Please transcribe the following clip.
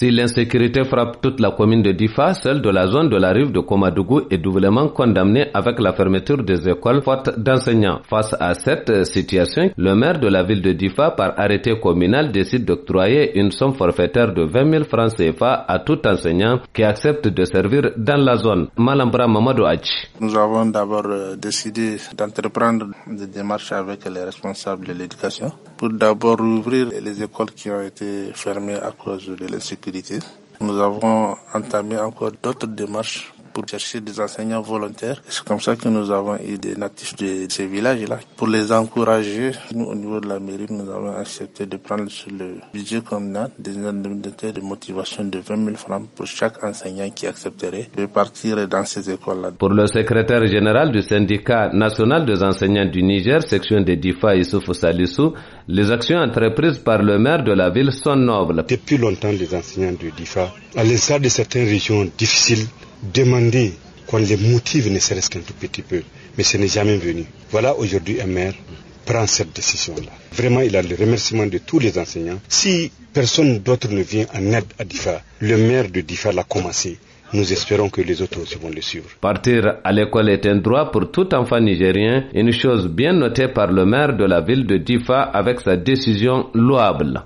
Si l'insécurité frappe toute la commune de Difa, celle de la zone de la rive de Komadougou est doublement condamnée avec la fermeture des écoles faute d'enseignants. Face à cette situation, le maire de la ville de Difa, par arrêté communal, décide d'octroyer une somme forfaitaire de 20 000 francs CFA à tout enseignant qui accepte de servir dans la zone. Malambra Mamadou Hachi. Nous avons d'abord euh, décidé d'entreprendre des démarches avec les responsables de l'éducation pour d'abord ouvrir les écoles qui ont été fermées à cause de l'insécurité nous avons entamé encore d'autres démarches pour chercher des enseignants volontaires. C'est comme ça que nous avons eu des natifs de ces villages-là. Pour les encourager, nous, au niveau de la mairie, nous avons accepté de prendre sur le budget communal des indemnités de motivation de 20 000 francs pour chaque enseignant qui accepterait de partir dans ces écoles-là. Pour le secrétaire général du syndicat national des enseignants du Niger, section des DIFA Issouf Salissou, les actions entreprises par le maire de la ville sont nobles. Depuis longtemps, les enseignants du DIFA, à l'instar de certaines régions difficiles, demander qu'on les motive ne serait-ce qu'un tout petit peu, mais ce n'est jamais venu. Voilà aujourd'hui un maire prend cette décision-là. Vraiment, il a le remerciement de tous les enseignants. Si personne d'autre ne vient en aide à Difa, le maire de Difa l'a commencé. Nous espérons que les autres aussi vont le suivre. Partir à l'école est un droit pour tout enfant nigérien, une chose bien notée par le maire de la ville de Difa avec sa décision louable.